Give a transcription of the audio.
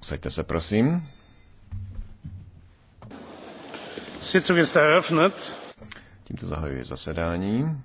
Usaďte se, prosím. Sitzung ist eröffnet. Tímto zahajuji zasedání.